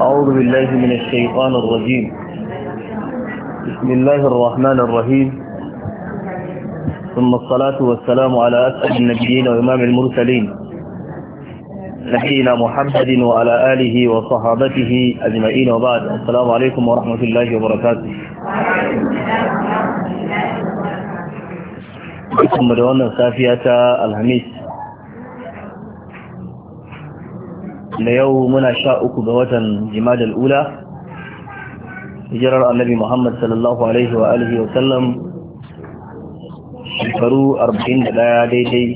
أعوذ بالله من الشيطان الرجيم بسم الله الرحمن الرحيم ثم الصلاة والسلام على أسعد النبيين وإمام المرسلين نبينا محمد وعلى آله وصحابته أجمعين وبعد السلام عليكم ورحمة الله وبركاته بكم مدونا سافية الهميس da yau muna sha uku ga watan jimadar ula jirar annabi muhammad sallallahu alaihi wa alihi wa sallam shekaru 41 daidai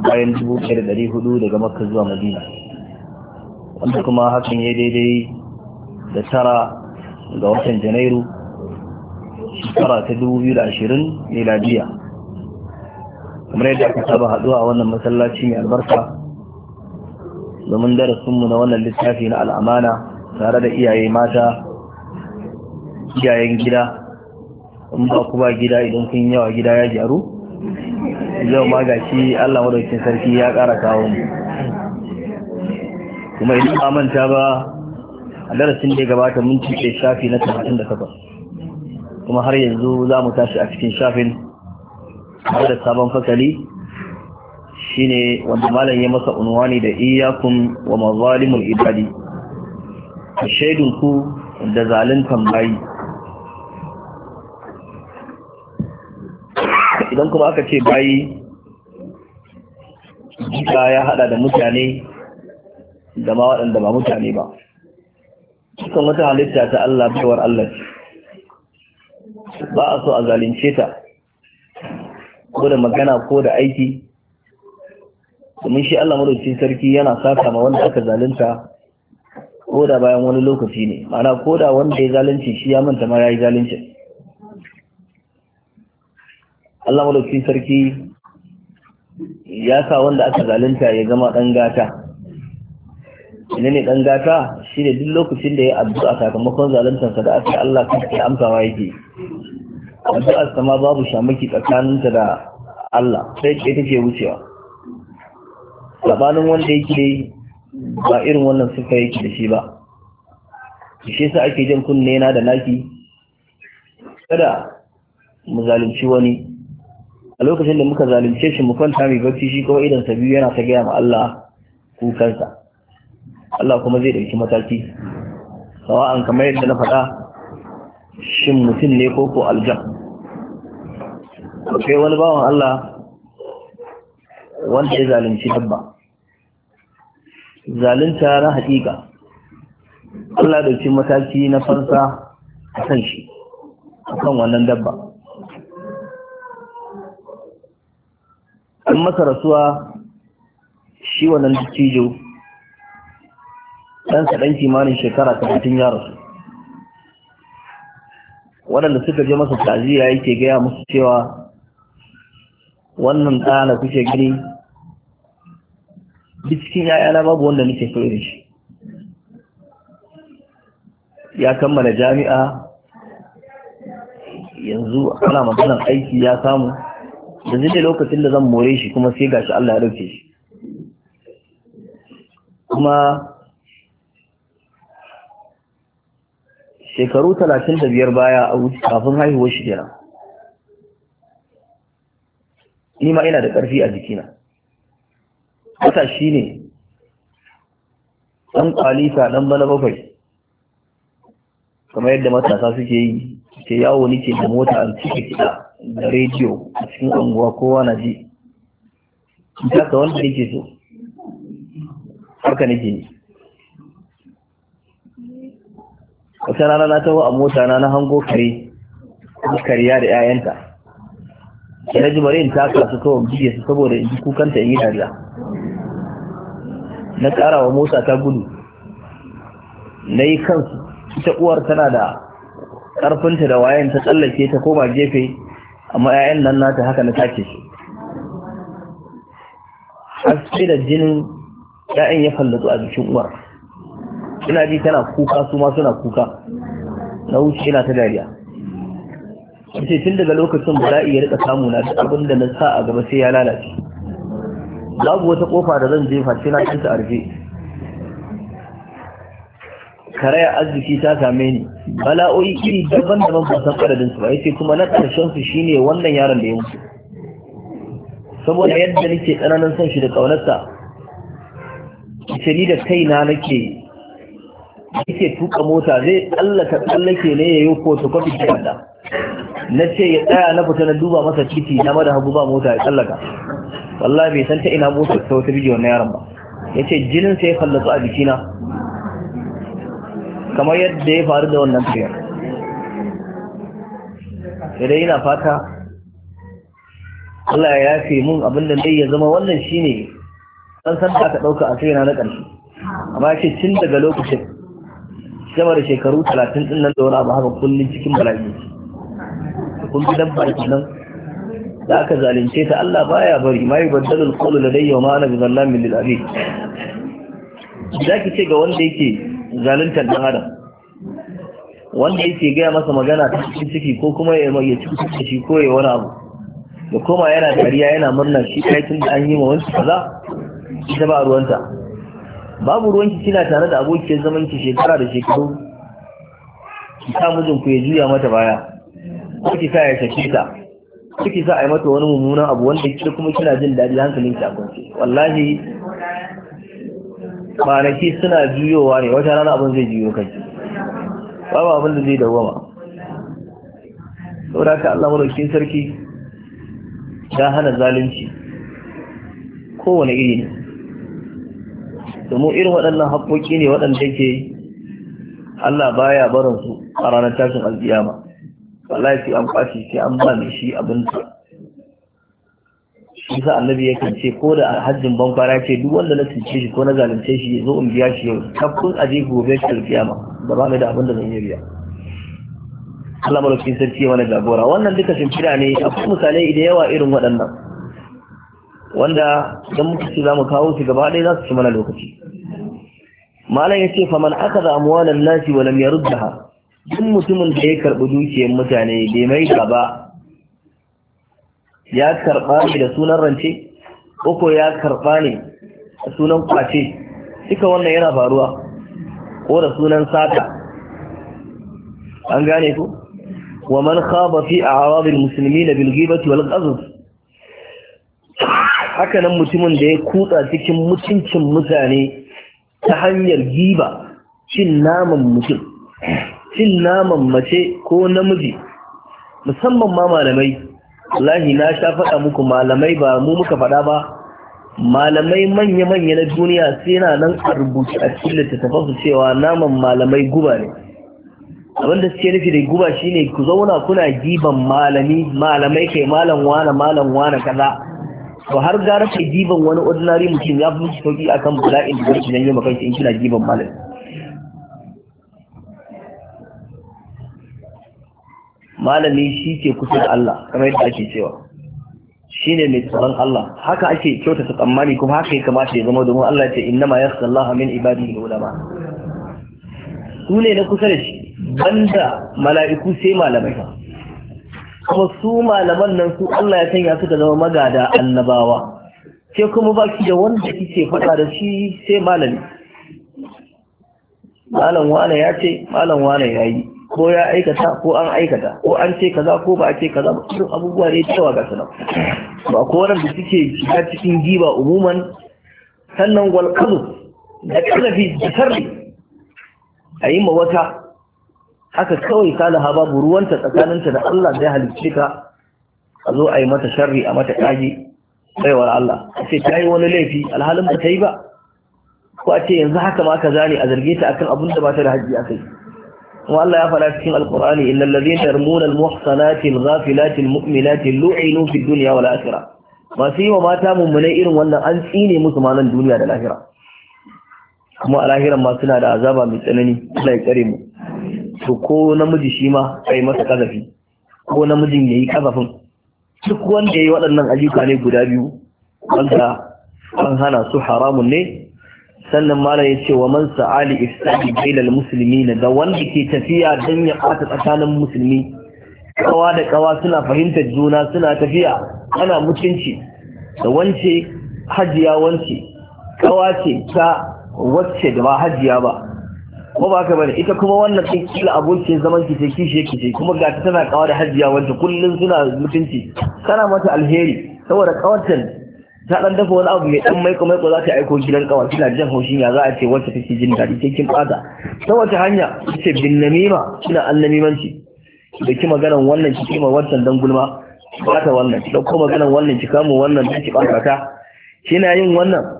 bayan 1400 daga makka zuwa madina wanda kuma hakan ya daidai da tara ga watan janairu shekara ta 2020 miladiya kamar yadda aka saba haɗuwa a wannan masallaci mai albarka domin darasinmu na wannan littafi na al'amana tare da iyaye mata iyayen gida in ba ku ba gida idan kun yawa gida ya gyaru zai ma shi allah madaukin sarki ya kara kawo mu kuma idan ba manta ba a darasin da ya gabata mun cike shafi na 38 kuma har yanzu za mu tashi a cikin shafin har da sabon fasali shine wanda malam ya masa unwani da iyakum wa mazalimul ibadi shaidun ku da zaluntan bayi idan kuma aka ce bayi jika ya hada da mutane da ma waɗanda ba mutane ba cikin wata halitta ta Allah baiwar Allah ba a so a zalunce ta ko da magana ko da aiki domin shi Allah madaukakin sarki yana saka ma wanda aka zalunta ko da bayan wani lokaci ne mana ko da wanda ya zalunci shi ya manta ma ya yi zalunci Allah madaukakin sarki ya sa wanda aka zalunta ya zama dan gata ina ne dan gata shi ne duk lokacin da ya addu'a sakamakon sa, da aka Allah kanka ya amsawa yake addu'arsa ma babu shamaki tsakaninta da Allah sai ita ce wucewa labanin wanda yake ba irin wannan suka yake da shi ba shi sa ake jan kunne na da naki kada mu zalunci wani a lokacin da muka zalunce shi mu kwanta mai bacci shi kawai idan sa yana ta gaya ma Allah kukansa Allah kuma zai ɗauki mataki sawa'an kamar yadda na faɗa shin mutum ne ko ko aljan akwai wani bawan Allah wanda ya zalunci dabba zalunta na haƙiƙa Allah dauki mataki na fansa a kan shi a kan wannan dabba an masa rasuwa shi wannan cijo ɗan saɗan kimanin shekara hatin ya rasu waɗanda suka je masa taziya yake gaya musu cewa wannan ɗana kuke gani duk cikin ‘ya'yana babu wanda nake so da shi ya kammala jami'a yanzu ana maganar aiki ya samu Da zai lokacin da zan more shi kuma sai gashi Allah ya rufe shi kuma shekaru talatin da biyar baya a wuce kafin haihuwar shi kenan ni ma ina da ƙarfi a jikina wata shi ne ɗan ƙwalisa ɗan bana bakwai kamar yadda matasa suke yi ke yawo nike da mota a cikin kiɗa da rediyo a cikin unguwa kowa na ji ita ka wanda nike so haka nike ne wata rana na taho a mota na na hango kare kariya da 'ya'yanta sai na ji bari in taka su kawai biye su saboda in ji kukanta in yi dariya na ƙara wa Musa ta gudu na yi kansu ita uwar tana da ƙarfinta da wayan ta tsallake ta koma gefe amma 'ya'yan nan nata haka na tace shi. haske da jinin 'ya'yan ya fallatu a jikin uwar ina ji tana kuka su ma suna kuka na wuce ina ta dariya ce tun daga lokacin bala'i ya rika samu na duk abin da na sa a gaba sai ya lalace babu wata kofa da zan jefa ce na kanta arfe karaya arziki ta same ni bala'o'i iri daban daban ba san adadin su ba yace kuma na karshen su shine wannan yaron da ya mutu saboda yadda nake tsananin son shi da kaunarsa ce da kaina nake yake tuka mota zai tsallaka tsallake ne ya yi kwafi ke na ce ya tsaya na fita na duba masa titi na mada hagu ba mota ya tsallaka wallahi bai san ta ina busa ta wata bidiyo na yaron ba ce jinin sai ya fallatu a jikina kamar yadda ya faru da wannan tafiyar idan ina fata Allah ya yafe mun abin da zai ya zama wannan shine san san da ka dauka a kaina na ƙarshe amma yace tun daga lokacin sama da shekaru talatin din nan da wani abu haka kullum cikin bala'i kun fi dabba da kullum. da aka zalunce ta Allah baya bari ma yubaddalu al-qawlu ladayya wa ma ana bizallamin lil Za zaki ce ga wanda yake zaluntar dan adam wanda yake gaya masa magana ta cikin ciki ko kuma ya mai cutar da shi ko ya wani abu da koma yana dariya yana murna shi kai tun da an yi ma wani kaza ita ba ruwanta babu ruwanki kina tare da abokiyar zaman ki shekara da shekaru ki sa mijin ku ya juya mata baya ko ki sa ya sake ta kike sa a yi mata wani mummunan abu wanda ke kuma kina jin daɗi hankalin ki a kwance wallahi kwanaki suna juyowa ne wata rana abin zai juyo kai babu abin da zai dawama saboda ka Allah madaukakin sarki ya hana zalunci kowane iri ne domin irin waɗannan haƙoƙi ne waɗanda yake Allah baya barin su a ranar tashin alƙiyama wallahi sai an kwashi shi an ba mai shi abin sa annabi yakan ce ko da hajjin bankwara ce duk wanda na cuce shi ko na zalunce shi zo in biya shi yau kafin a je gobe shi kiyama da ba da abin da zan yi biya Allah malaukin sarki ya wani jagora wannan duka shimfiɗa ne akwai misalai da yawa irin waɗannan wanda don muka ce za mu kawo su gaba ɗaya za su ci mana lokaci malam ya ce faman aka da amwalan nasi wa lam yaruddaha duk mutumin da ya karɓi dukiyar mutane bai mai gaba ya karɓa ne da sunan rance uku ya karɓa ne da sunan kwace duka wannan yana faruwa ko da sunan sata an gane ku wa man khaba fi a'radil muslimina bil ghibati wal ghadab haka nan mutumin da ya kutsa cikin mutuncin mutane ta hanyar giba cin naman mutum cin naman mace ko namiji musamman ma malamai wallahi na sha faɗa muku malamai ba mu muka faɗa ba malamai manya-manya na duniya sai na nan a rubuce a cikin littattafansu cewa naman malamai guba ne abinda suke nufi da guba shine ku zauna kuna giban malami malamai kai malam wana, malam wana kaza to har gara kai giban wani ordinary mutum ya fi sauki akan bala'in da zai nan yau makanki in kina giban malami malami shi ke kusa da Allah kamar yadda ake cewa shi ne mai tsoron Allah haka ake kyautata tsammani kuma haka ya kamata ya zama domin Allah ce innama ya sallaha min ibadihi ulama su ne na kusa da shi banda mala'iku sai malamai ba. kuma su malaman nan su Allah ya sanya suka zama magada annabawa ke kuma baki da wanda kike faɗa da shi sai malami malam wane ya ce malam wane ya yi ko ya aikata ko an aikata ko an ce kaza ko ba a ce kaza ba irin abubuwa ne cewa ga sanar ba ko da suke shiga cikin giba umuman sannan walƙalu da ƙarfi da sarri a yi mawata haka kawai salaha babu ruwanta tsakaninta da Allah zai halicce ka a zo a yi mata sharri a mata ƙage baiwar Allah a ce ta yi wani laifi alhalin ba ta yi ba ko a ce yanzu haka ma ka zane a zarge ta akan abin da ba ta da hajji a kai kuma Allah ya faɗa cikin alkur'ani illal ladhina yarmuna almuhsanati alghafilati almu'minati lu'inu fid dunya wal masu yi wa mata mummunai irin wannan an tsine musu ma nan duniya da lahira kuma a lahiran ma suna da azaba mai tsanani Allah ya tsare mu to ko namiji shi ma kai masa kazafi ko namijin yayi kazafin duk wanda yayi waɗannan ayyuka ne guda biyu wanda an hana su haramun ne sannan malam ya ce wa man sa'ali ifsadi bainal na da wanda ke tafiya don ya ɓata tsakanin musulmi kawa da kawa suna fahimtar juna suna tafiya ana mutunci da wance hajiya wance kawa ce ta wacce da ba hajiya ba ko ba ka bane ita kuma wannan ɗin kila abokin zaman kice kishe kishi kuma ga ta tana kawa da hajiya wance kullum suna mutunci kana mata alheri saboda kawartan ta dan dafa wani abu mai dan maiko maiko za ta aiko gidan kawa kina jin haushin ya za a ce wacce take jin daɗi sai kin bada ta wace hanya ce bin namima kina annamimanci da ki maganan wannan ki kima wancan dan gulma bata wannan da kuma maganan wannan ki kamo wannan da ki bata ta kina yin wannan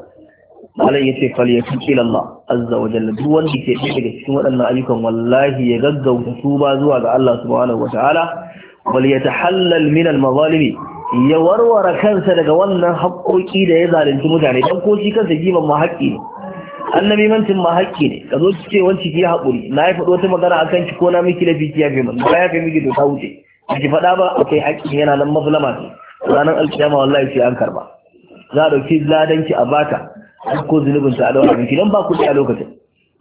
Allah ya ce fal ya tuki Allah azza wa jalla duk wanda ke ɗaya daga cikin waɗannan ayyukan wallahi ya gaggauta tuba zuwa ga Allah subhanahu wa ta'ala wal yatahallal min al mazalimi ya warware kansa daga wannan haƙoƙi da ya zalunci mutane don ko shi kansa giban ma haƙƙi ne annabi mancin ma haƙƙi ne ka zo cike wanci ki haƙuri na yi faɗo wata magana akan ki ko na miki lafi ki yafe mun ba ya kai miki to ta wuce ki faɗa ba akwai haƙƙi yana nan mazlama ne ranar alkiyama wallahi sai an karba za a ɗauki ladanki a baka ko zunubin ta a daura miki don ba kuɗi a lokacin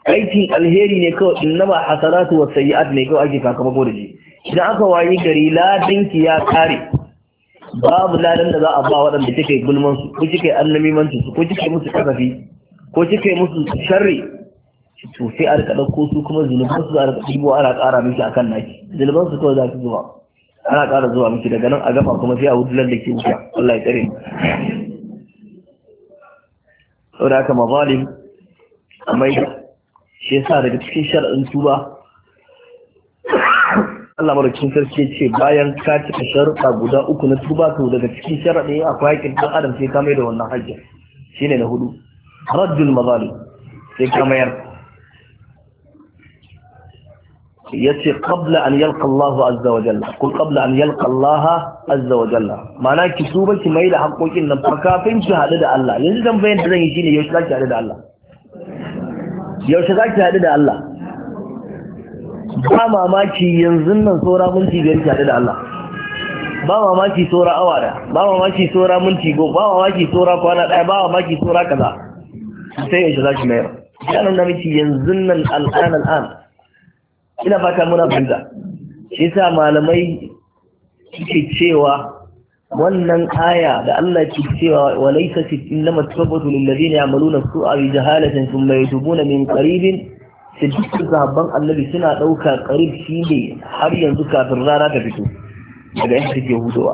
aikin alheri ne kawai innama hasanatu wa sayyi'at ne kawai ake sakamako da shi idan aka wayi gari ladanki ya kare babu ladan da za a ba waɗanda kike gulman su ko kike annamimancin su ko kike musu kasafi ko kike musu sharri to sai a rika dauko su kuma zunuban su a rika dibo ana ƙara miki akan naki zunuban su kawai za ki zuwa ana ƙara zuwa miki daga nan a gama kuma sai a wudulan da ke wuta Allah ya tsare saboda haka mazalim amai shi yasa daga cikin shar'in tuba Allah madaukakin sarki ce bayan ka cika sharuɗa guda uku na tuba to daga cikin sharaɗe akwai kwakin ɗan adam sai ka da wannan Shi shine na hudu raddul mazali sai ka mayar yace qabla an yalqa Allah azza wa jalla Kun qabla an yalqa Allah azza wa jalla mana ki tuba ki mai da haƙƙoƙin nan fa kafin ki haɗu da Allah yanzu zan bayyana da zan yi shine yaushe za ki haɗu da Allah yaushe za ki haɗu da Allah ba mamaki yanzu nan saura minti biyar tare da Allah ba mamaki saura awa da ba mamaki saura minti go ba mamaki saura kwana daya ba mamaki saura kaza sai ya shiga mai mayar nan miki yanzu nan al'an al'an ina fata muna fahimta shi yasa malamai suke cewa wannan aya da Allah ke cewa walaysa fi innama tawbatu lil ladina ya'maluna su'a bi jahalatin thumma yatubuna min qaribin sai dukkan sahabban annabi suna ɗauka ƙarib shi ne har yanzu kafin rana ta fito daga yanzu take hutuwa.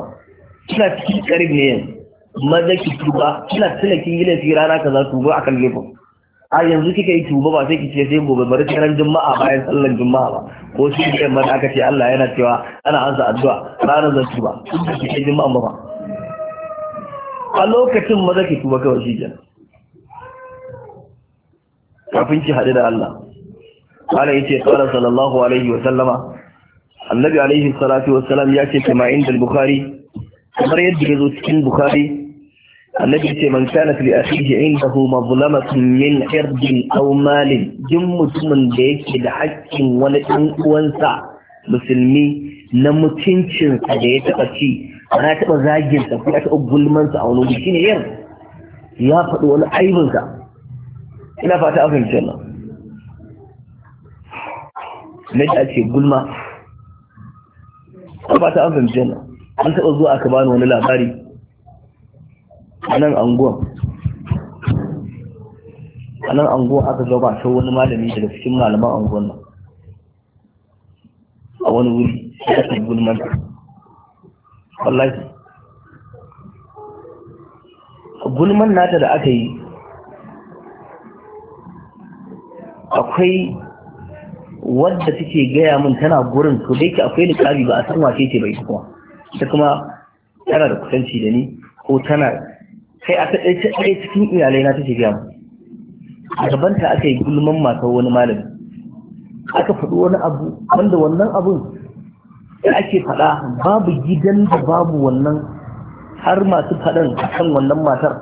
kina cikin ƙarib ne yanzu maza ki tuba kina tuna kin yi laifi rana kaza tuba akan laifin a yanzu kika yi tuba ba sai ki ce sai gobe bari ran juma'a bayan sallan juma'a ba ko shi da yamma aka ce Allah yana cewa ana ansa addu'a ranar zan tuba ki ce juma'a ba a lokacin maza ki tuba kawai shi kenan kafin ki haɗu da Allah قال يتي قال صلى الله عليه وسلم النبي عليه الصلاة والسلام يأتي كما عند البخاري كما يدرز تكين البخاري النبي يتي من كانت لأخيه عنده مظلمة من عرض أو مال جم من ديك لحق ونقن وانسع musulmi na mutuncinsa da ya taɓa ci ana taɓa zaginsa ko ya taɓa gulmansa a wani wuri shine yar ya faɗi wani aibinsa ina fata a fahimci wannan na da ake gulma ba ta an fahimci yana an taɓa zuwa aka bani wani labari a nan anguwa a nan anguwan aka gabatar wani malami daga cikin malaman anguwan nan a wani wuri ya ake gulman wallahi gulman nata da aka yi akwai wadda take gaya min tana gurin to dai ki akwai liƙabi ba a san wace ce bai kuma Ta kuma tana da kusanci da ni ko tana kai a kaɗai cikin iyalai na take gaya min a gabanta aka yi gulman matar wani malami aka faɗi wani abu wanda wannan abun da ake faɗa babu gidan da babu wannan har masu faɗin kan wannan matar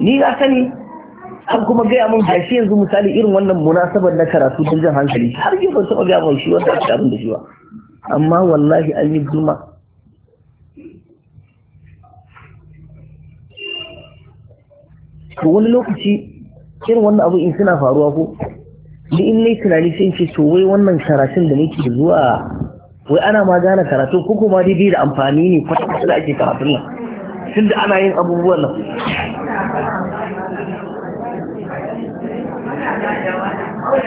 ni na sani an kuma gaya mun gashi yanzu misali irin wannan munasabar na karatu don jan hankali har yi ban taɓa gaya mun shi wanda ake abin da shi ba amma wallahi an yi gulma to wani lokaci irin wannan abu in suna faruwa ko ni in nayi tunani sai ce to wai wannan karatun da nake zuwa wai ana ma gane karatu ko kuma dai da amfani ne kwata-kwata da ake karatun nan tunda ana yin abubuwan nan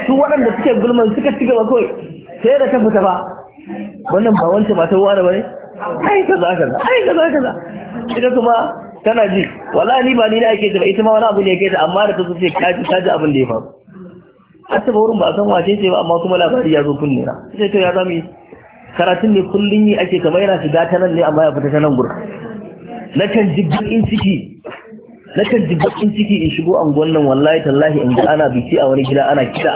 su waɗanda suke gulman suka ci gaba kawai sai da ta fita ba wannan ba wancan ba ta wani ba ne ai kaza kaza ai kaza kaza ita kuma tana ji wala ni ba ni na ake ta ba ita ma wani abu ne ya ta amma da ta so sai ka ji abin da ya faru har ta wurin ba a san wace ce ba amma kuma labari ya zo kunne na sai to ya zamu yi karatun ne kullum yi ake kamar yana shiga ta nan ne amma ya fita ta nan gurin na kan jibbin in ciki na kan ji bakin ciki in shigo anguwan nan wallahi tallahi in ga ana biki a wani gida ana kiɗa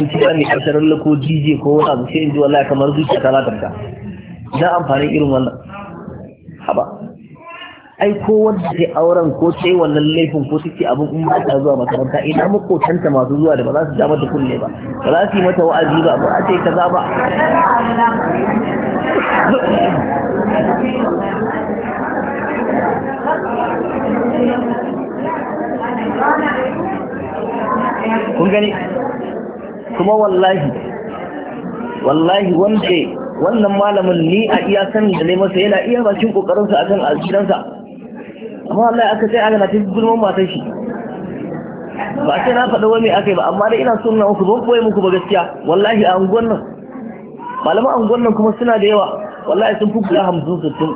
su ci ne a sharar ko dj ko wani abu sai in ji wallahi kamar zuciya ta latarta na amfanin irin wannan haba ai ko wanda ke auren ko sai wannan laifin ko take abin in ba ta zuwa makaranta ina makotanta masu zuwa da ba za su ja mata kunne ba ba za su yi mata wa'azi ba ba a ce kaza ba kun gani kuma wallahi wallahi wanda wannan malamin ni a iya sanin da ne masa yana iya bakin kokarinsa akan aljiransa amma wallahi aka sai ana tafi gulman matan shi ba sai na faɗa wani akai ba amma dai ina so na muku ban muku ba gaskiya wallahi a unguwan nan malaman unguwan nan kuma suna da yawa wallahi sun fi guda hamsin sittin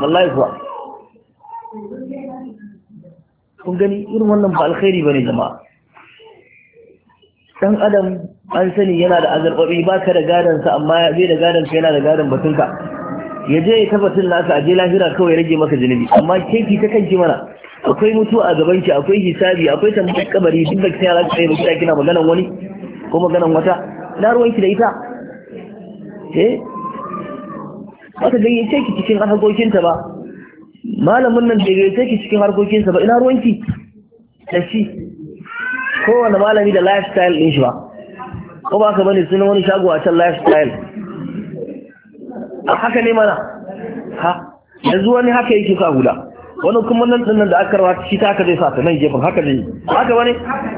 wallahi kuwa kun gani irin wannan ba alkhairi bane jama'a dan adam an sani yana da azarbabi ba ka da gadon sa amma zai da gadon sa yana da gadon batun ka ya je ya tabbatar nasa a je lahira kawai rage maka zunubi amma keki ta kanki mana akwai mutuwa a gaban ki akwai hisabi akwai tambayar kabari duk da kina zaka yi mutuwa kina maganan wani ko maganan wata na ruwan ki da ita eh aka gayyace ki cikin harkokin ta ba malamin nan bai gaice ki cikin harkokinsa ba ina ruwanki da shi kowane malami da lifestyle ɗin shi ba ko ba ka bane suna wani shago a can lifestyle haka ne mana ha yanzu wani haka yake sa hula wani kuma nan ɗin da aka rawa shi ta haka zai sa ta nan gefen haka ne haka bane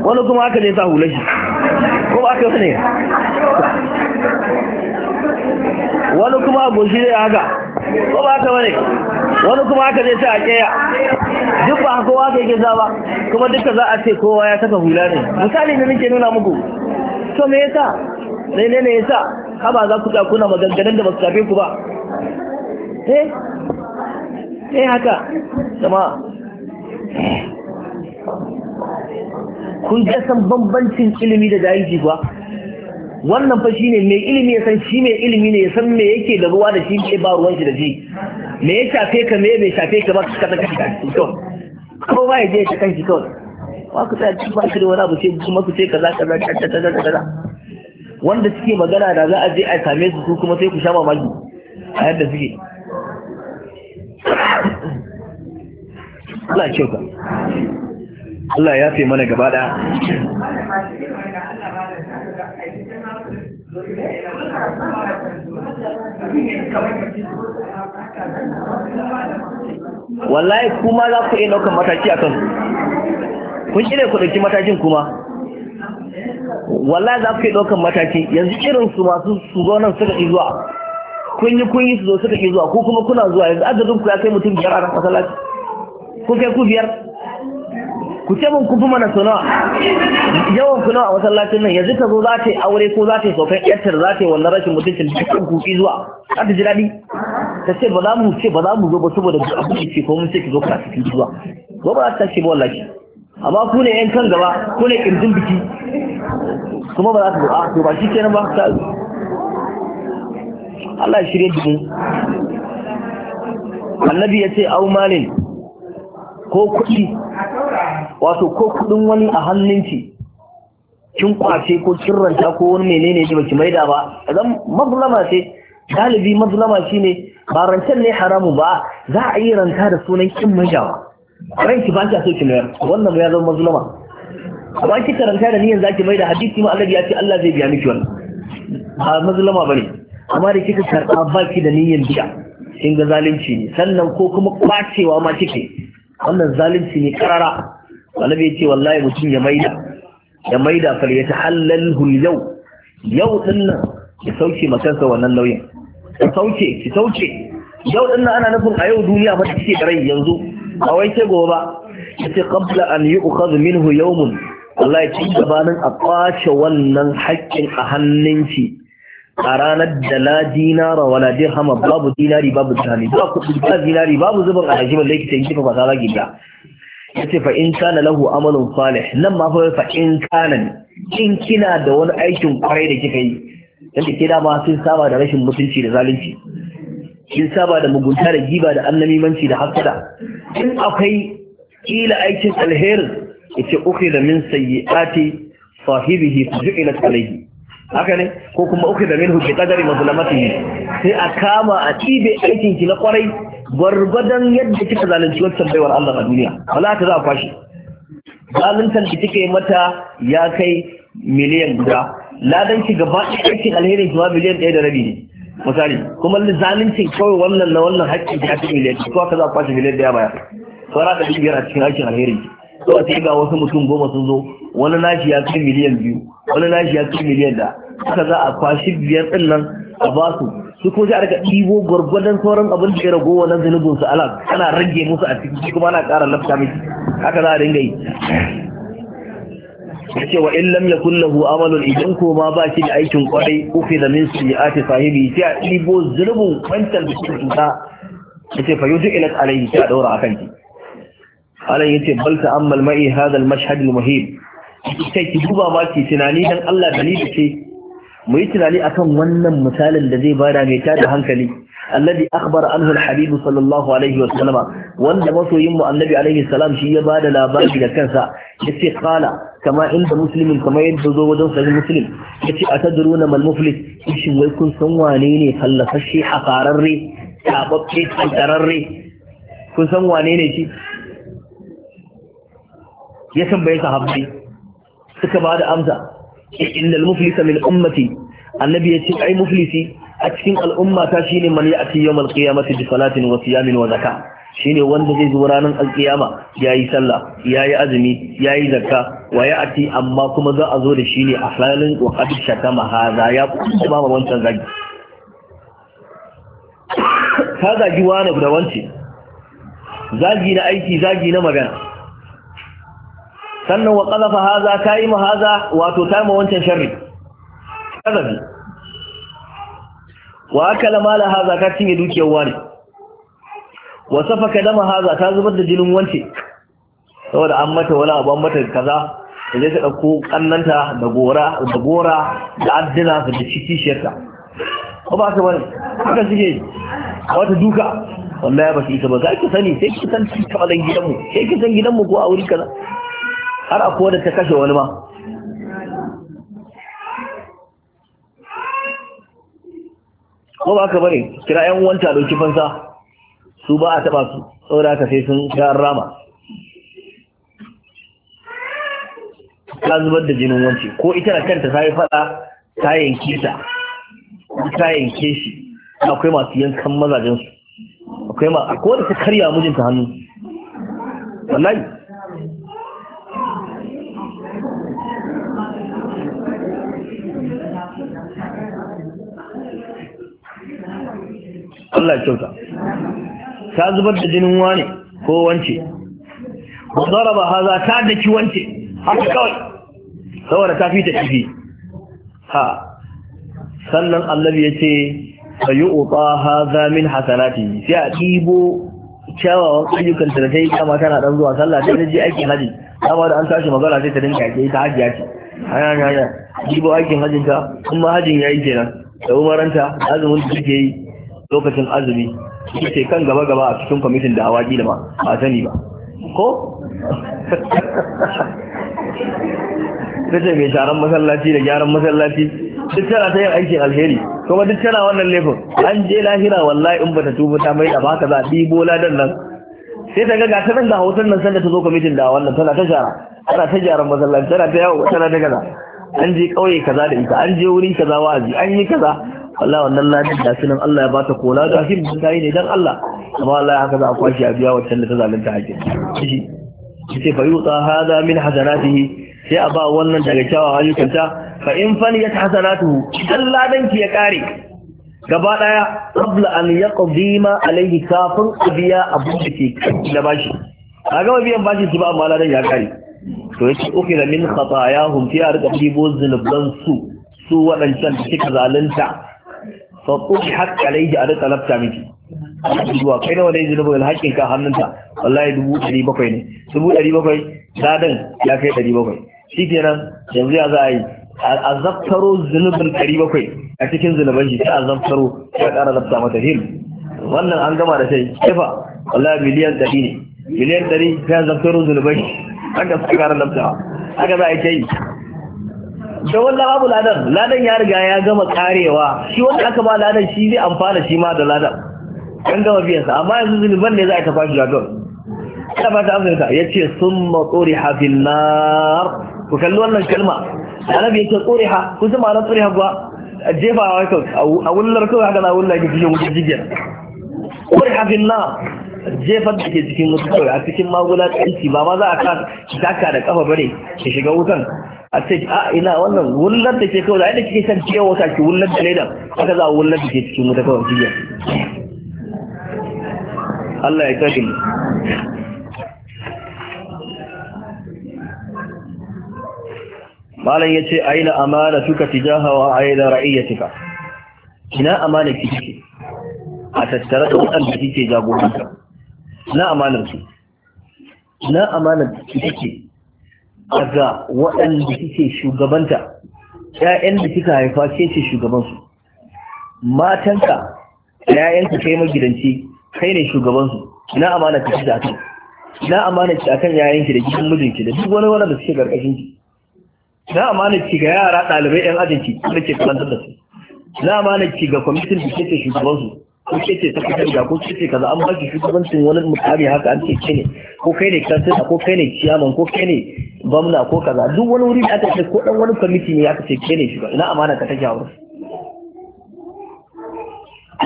wani kuma haka zai sa hula shi ko ba ka bane wani kuma abu shi zai haka ko ba ka bane wani kuma haka zai sa a kaya duk ba kowa haka yake za ba kuma duka za a ce kowa ya saka hula ne misali ne nake nuna muku to me yasa ne ne ne yasa haba za ku kuna maganganun da ba su ku ba eh eh haka jama'a kun ga san bambancin ilimi da jahilci kuwa wannan fa shine mai ilimi ya san shi mai ilimi ne ya san me yake da ruwa da shi ke ba ruwan shi da shi me ya shafe ka me bai shafe ka ba ka ka kashi to ko ba ya je ta kashi to wa ku tsaya ba fashi da wani abu sai kuma ku ce kaza kaza kaza kaza wanda suke magana da za a je a same su ku kuma sai ku sha mamaki a yadda suke Allah ya ka. Allah ya fi mana gaba da wallahi kuma za ku iya ɗaukar mataki a kan kun shirya ku ɗauki matakin kuma wallahi za ku iya ɗaukar mataki yanzu irin su masu su zo nan suka ƙi zuwa kun yi kun yi su zo suka ƙi zuwa ko kuma kuna zuwa yanzu adadin ku ya kai mutum biyar a nan masallaci Ku kai ku biyar ku ce mun kufi mana su yawan ku nawa a masallacin nan yanzu ta zo za ta yi aure ko za ta yi saukan yartar za ta yi wannan rashin mutuncin dukkan kuki zuwa za ta ji daɗi ta ce ba za mu ce ba za mu zo ba saboda duk abin da ce ko mun ce ki zo ka cikin zuwa ko ba za ta ce ba wallahi amma ku ne yan kan gaba ku ne kirjin biki kuma ba za ta zo a to ba shi kenan ba ta Allah ya shirye dubu annabi ya ce au malin ko kuɗi wato ko kudin wani a hannunki kin kwace ko kin ranta ko wani menene ne baki maida ba idan mazlama ce galibi mazlama shine ba rancen ne haramu ba za a yi ranta da sunan kin maidawa ranki ba ta so ki mayar wannan ya zama mazlama amma ki karanta da niyan zaki maida hadisi ma Allah ya ce Allah zai biya miki wannan ba mazlama bane amma da kika karba baki da niyan biya kin ga zalunci ne sannan ko kuma kwacewa ma kike wannan zalunci ne karara annabi ya ce wallahi mutum ya maida ya maida fal ya tahallal hul yau yau din ya sauke makansa wannan nauyin ya sauke ki sauke yau din nan ana nufin a yau duniya ba take da rai yanzu a wai ce gobe ba yace qabla an yu'khadh minhu yawmun Allah ya ci gabanin a kwace wannan haƙƙin a hannunki a ranar da la dinara wala dirhama babu dinari babu dirhami ba kuɗi ba dinari babu zuban a hajji balle ki ta yi kifa ba ta zagi yace fa in kana lahu amalun salih nan ma fa fa in kana in kina da wani aikin kwarai da kika yi dan ke da ma sun saba da rashin mutunci da zalunci kin saba da mugunta da giba da annamimanci da hasada in akwai kila aikin alheri yace ukhidha min sayyiati sahibihi fuj'ilat alayhi haka ne ko kuma uku da minhu bi qadari mazlamatihi sai a kama a cibe aikin ki na kwarai gwargwadon yadda kika zalunci wata tambayar Allah a duniya wala ta za a kwashe zaluntan da yi mata ya kai miliyan guda ladan ki gaba ɗaya aikin alheri kuma miliyan ɗaya da rabi ne misali kuma zaluncin kawai wannan na wannan haƙƙin ya fi miliyan ko ka za a kwashe miliyan ɗaya baya saura da biyar a cikin aikin alheri to a sai wasu mutum goma sun zo wani nashi ya kai miliyan biyu wani nashi ya kai miliyan da haka za a kwashi biyar din nan a ba su su kuma sai a rika ɗibo gwargwadon sauran abin da ya ragowa na zunubin su ala ana rage musu a ciki kuma ana ƙara lafta miki haka za a dinga yi yace wa illam yakul lahu amalun idan ko ma ba shi da aikin kwarai ufi da min su sayyiati sahibi sai a ibo zulubun kwantar da shi tuta yace fa yudu ila alayhi sai a daura akan ki alan yace bal ta'ammal ma'i hadha al-mashhad muhim sai ki duba ma ki tunani dan Allah da dalili ce mu yi tunani akan wannan misalin da zai bada mai tada hankali alladhi akhbara anhu al-habib sallallahu alaihi wa sallama wanda masoyin mu annabi alaihi salam shi ya bada labari da kansa yace qala kama inda muslimin kama yadda zo wajen sahih muslim yace atadruna mal muflis shin wai kun san wane ne fallafashi hafararre tababbe tsantararre kun san wane ne shi ya tambaye sahabbai suka ba da amsa innal muflisa min ummati annabi yace ai muflisi a cikin al'umma ta shine man ya'ti yawmal qiyamati bi salatin wa siyamin wa zakat shine wanda zai zo ranar alkiyama yayi sallah yayi azumi yayi zakka wa ya'ti amma kuma za a zo da shi ne a halalin wa qad shatama hadha ya kuma ba wancan zagi ka zagi wani da wance zagi na aiki zagi na magana sannan wa qalafa haza kai mu haza wato kai mu wancan sharri kazabi wa akala mala haza ka cinye dukiyar wani wa safaka dama haza ta zubar da jinin wance saboda an mata wala abu an mata kaza da zai ta ɗauko ƙannanta da gora da gora da addina su da ciki shirka ko ba ka bane haka suke a wata duka wallahi ba su isa ba za ki sani sai ki san ci kamalan gidanmu sai ki san gidanmu ko a wuri kaza har a koda ta kashe wani ma ko ba ka bari kira yan wanta dauki fansa su ba a taba su da ka sai sun ga rama ta zubar da jinin wanci. ko ita da kanta ta yi fada ta yanke ta ta yanke shi akwai masu yankan mazajensu akwai ma akwai da ta karya mijinta hannu wallahi Allah kyauta ta zubar da jinin wani ko wance ba zaraba haza ta daki wance haka kawai saboda ta fi ta kifi ha sannan Allah ya ce ka yi uta haza min hasanati sai a ɗibo kyawawan ayyukan ta da ta yi kama tana ɗan zuwa sallah ta je aikin haji amma da an tashi magana sai ta dinka ake ta hajiya ce hanya hanya ɗibo aikin hajinta kuma hajin ya yi kenan da umaranta azumin da suke yi lokacin azumi ce kan gaba gaba a cikin kwamitin da hawa da ba a sani ba ko ta mai taron masallaci da gyaran masallaci duk tana ta yin aikin alheri kuma duk tana wannan laifin an je lahira wallahi in bata tuba ta mai da baka za a ɗibo ladan nan sai ta ga ta nan da hoton nan sanda ta zo kwamitin da wannan tana ta shara tana ta gyaran masallaci tana ta yawo tana ta kaza an je ƙauye kaza da ita an je wuri kaza wa'azi an yi kaza Allah wannan ladin da sunan Allah ya bata kola da shi mun kai ne dan Allah amma Allah ya haka za a kwashi a biya wacce ta zalunta hakin shi ce fa yuta hada min hasanatihi sai a ba wannan daga kyawawan ayyukanta fa in faniyat hasanatuhu dan ladan ki ya kare gaba daya qabla an yaqdima alayhi kafin biya abun da ke da bashi kaga biyan bashi su ba amma ladan ya kare to yake ukila min khatayahum fi arqabibu zunublan su su waɗancan da suka zalunta fa ki hakka alayhi a rika lafta miki zuwa kai wani ne da alhakin ka hannunta wallahi dubu ɗari bakwai ne dubu ɗari bakwai dadan ya kai ɗari bakwai shi kenan yanzu ya za a yi a zaftaro zunubin ɗari bakwai a cikin zunuban shi sai a zaftaro ya ƙara lafta mata hil wannan an gama da sai kefa wallahi miliyan ɗari ne miliyan ɗari sai a zaftaro zunuban shi haka suka ƙara lafta haka za a yi ta yi da wallah babu ladan ladan ya riga ya gama karewa shi wanda aka ba ladan shi zai amfana shi ma da ladan kan gama sa amma yanzu zunuban ne za a tafashi ladan ta ba ta amsa ya ce sun matsori hafin nar ku kalli wannan kalma annabi yake tsoriha ku ji ma'anar tsoriha jefa wa kawai a wullar kawai haka na wullar ke cikin wutar jigiyar tsoriha fil nar jefar da ke cikin wutar kawai a cikin magula tsanci ba ma za a taka da kafa bare ki shiga wutan a ce a ah, ina wannan wullar da ke kawai da kike san cikin wata ki wullar da leda haka za a wullar da ke cikin wata kawai jiya Allah ya kare mu malam yi aina amana a yi da aina cika. ina amana ciki a tattare da wadanda kike jagoranta ina amanar su ina ki ciki daga waɗanda suke shugabanta ‘ya’yan da suka haifa ke ce shugabansu matanka ƴaƴanka kai magidanci kai ne shugabansu na amana ka da kan Na amana kan akan ki da gidan mijinki da duk wani da suke karkashin ki Na amana ki ga yara ɗalibai ‘yan ajinki da ke kalantar da su Na amana ki ga kwamitin da ke shugabansu ko ke ce ta fitar da ko ke ce kaza an baki shugabancin wani mutane haka an ce ke ne ko kai ne kansila ko kai ne ciyaman ko kai ne bamna, ko kaza duk wani wuri da aka ce ko dan wani kwamiti ne ya ce ke ne shugaba ina amana ka ta jawo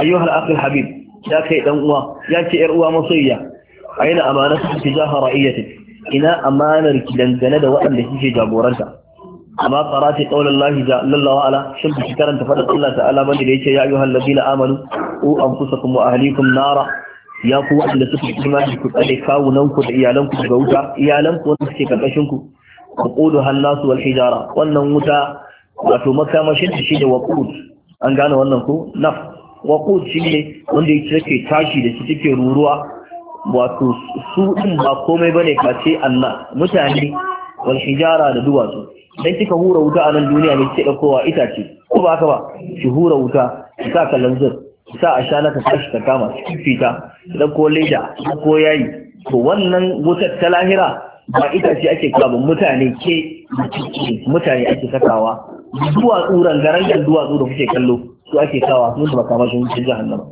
ayyuhal akhil habib ya kai dan uwa ya ce yar uwa masoyiya aina amanatu tijaha ra'iyatik ina amanar ki dangane da waɗanda kike jagoranta amma qarati qaulallahi jalla wa ala shin bi karanta fadar Allah ta'ala bane da yake ya ayyuhal ladina amanu u anfusakum wa ahlikum nara ya ku wanda suka imani ku tsare kawunan ku da iyalanku daga wuta iyalanku wanda suke karkashin ku وقودها الناس والحجارة wannan wuta wato makamashin da shi da waqud an gane wannan ku. naf waqud shi ne wanda yake tashi da shi take ruruwa wato su din ba komai bane face annan. mutane wal hijara da duwatsu Idan kika hura wuta a nan duniya ne kike ita itace ko ba haka ba ki hura wuta ki sa zur ki sa ashana ka tashi ka kama ki fita ki ɗauko leda ko yayi to wannan wutar ta lahira ba itace ake kawo mutane ke mutane ake sakawa duwatsu rangarangar duwatsu da kuke kallo su ake kawa sun da makamashin wucin jahannama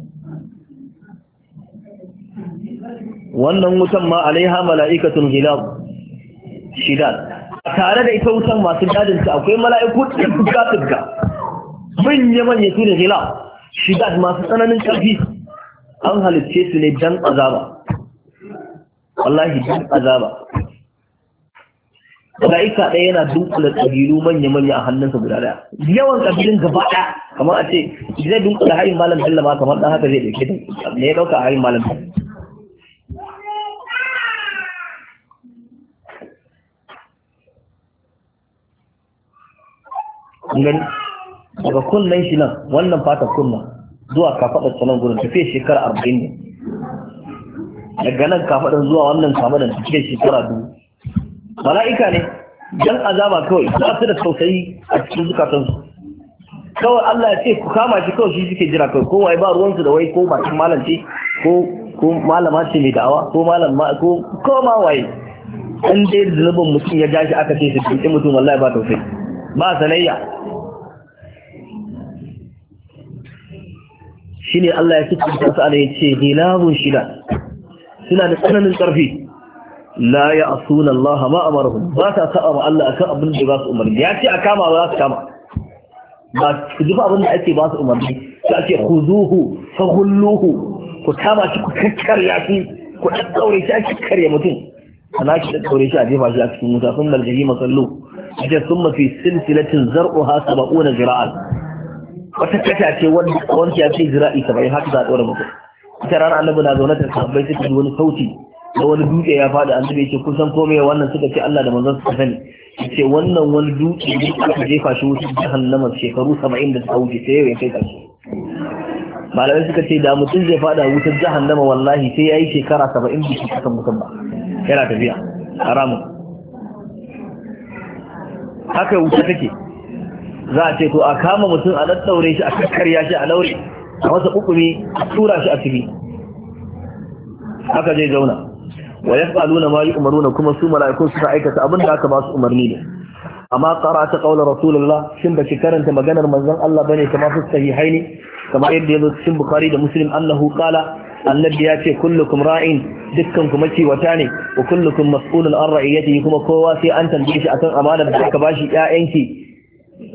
wannan wutan ma alaiha mala'ikatun hilal shidan tare da ita wutan masu gadinta akwai mala'iku da tugga-tugga manya-manya su ne hila shiga masu tsananin ƙarfi an halitce su ne dan azaba wallahi dan azaba mala'ika ɗaya yana dunkula ƙabilu manya-manya a hannunsa guda ɗaya yawan ƙabilun gaba ɗaya kamar a ce zai dunkula hayin malam dalla ma kamar ɗan haka zai ɗauke da Ne ya ɗauka a hayin malam dalla gani daga kunnan shi nan wannan fata kunna zuwa kafaɗar sanar gudun tafiya shekara arba'in ne daga nan kafaɗar zuwa wannan kafaɗar tafiya shekara dubu mala'ika ne don azaba kawai za su da tausayi a cikin zukatansu kawai Allah ya ce ku kama shi kawai shi suke jira kawai kowa ba ruwansu da wai ko bakin malam ce ko ko malama ce mai da'awa ko malam ma ko ko ma waye an dai zubin mutum ya gashi aka ce su tunti mutum wallahi ba tausayi ba sanayya shi ne Allah ya cikin kansu ana yace hilabun shida suna da tsananin ƙarfi la ya asuna Allah ma amarhum ba ta sa'a ma Allah akan abin da ba su umarni ya ce a kama ba za su kama ba su ji abin da ake ba su umarni su ake zuhu, fa hulluhu ku kama shi ku kakkarya shi ku daddaure shi ake karya mutum A na shi daddaure shi a jefa shi a cikin wuta sun maljahi masallu da sun mafi silsilatin zar'u ha na zira'an wata kasha ce wanda wanki ya ce zira'i saba'in haka za a ɗora mutum ita ranar annabi na zaune ta sahabbai ta ji wani sauti da wani dutse ya faɗi annabi ya ce kusan komai wannan suka ce Allah da manzon suka sani ce wannan wani dutse ne aka jefa shi wutar jahannama shekaru saba'in da ta wuce sai yau ya kai ƙarshe malamai suka ce da mutum zai faɗa wutar jahannama wallahi sai ya yi shekara saba'in da shi kasan mutum ba yana tafiya haramun haka wuta take za a ce to a kama mutum a daddaure shi a kakkarya shi a laure a masa kukumi a tura shi a ciki haka zai zauna wa yaf'aluna ma yu'maruna kuma su mala'ikun suka aikata abin da aka ba su umarni ne amma qara'ata qawla rasulullah shin ba karanta maganar manzon Allah bane su sahihai ne kamar yadda yazo cikin bukhari da muslim annahu qala annabi ya ce kullukum ra'in dukkan kuma ciwata ne wa kullukum mas'ulun an ra'iyatihi kuma kowa sai an tambaye shi akan amanar da aka bashi ƴaƴanki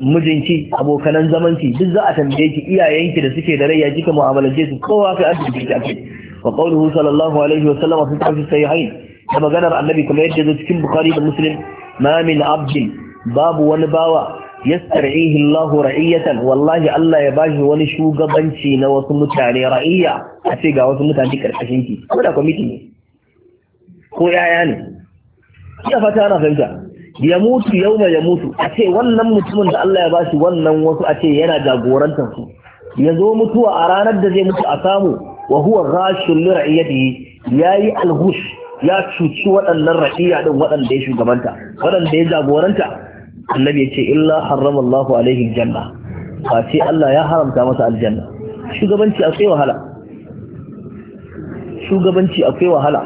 mijinki abokanan zamanki duk za a tambaye ki iyayenki da suke da rai ya kika mu'amalance kowa sai an tambaye ki akai wa qawluhu sallallahu alaihi wa sallam fi sahihain da maganar annabi kuma yadda zo cikin bukhari da muslim ma min abdin babu wani bawa yastar'ihi Allah ra'iyatan wallahi Allah ya bashi wani shugabanci na wasu mutane ra'iya a ce ga wasu mutane karkashin ki ko da kwamiti ne ko yaya ne ya fata ana fahimta ya mutu yauma ya mutu a ce wannan mutumin da Allah ya bashi wannan wasu a ce yana jagorantar su ya zo mutuwa a ranar da zai mutu a samu wa huwa ghashul li ra'iyatihi yayi alghush ya cuci waɗannan ra'iya din waɗanda ya shugabanta waɗanda ya jagoranta annabi ya ce illa harrama Allahu alaihi janna ba ce Allah ya haramta masa aljanna shugabanci akwai wahala shugabanci akwai wahala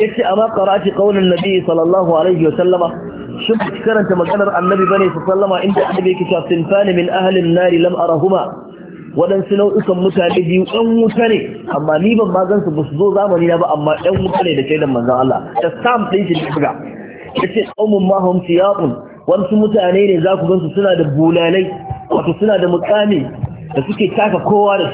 yace amma qara'ati qaulan nabi sallallahu alaihi wa sallama shin karanta maganar annabi bane su sallama inda annabi yake cewa sinfani min ahli an-nar lam arahuma waɗansu nau'ukan mutane biyu ɗan wuta ne amma ni ban ma gansu ba su zo zamani na ba amma ɗan wuta ne da shaidan manzon Allah da sam ɗin shi buga yace qaumun ma hum wasu mutane ne za ku gansu suna da bulalai wato suna da mukami da suke taka kowa da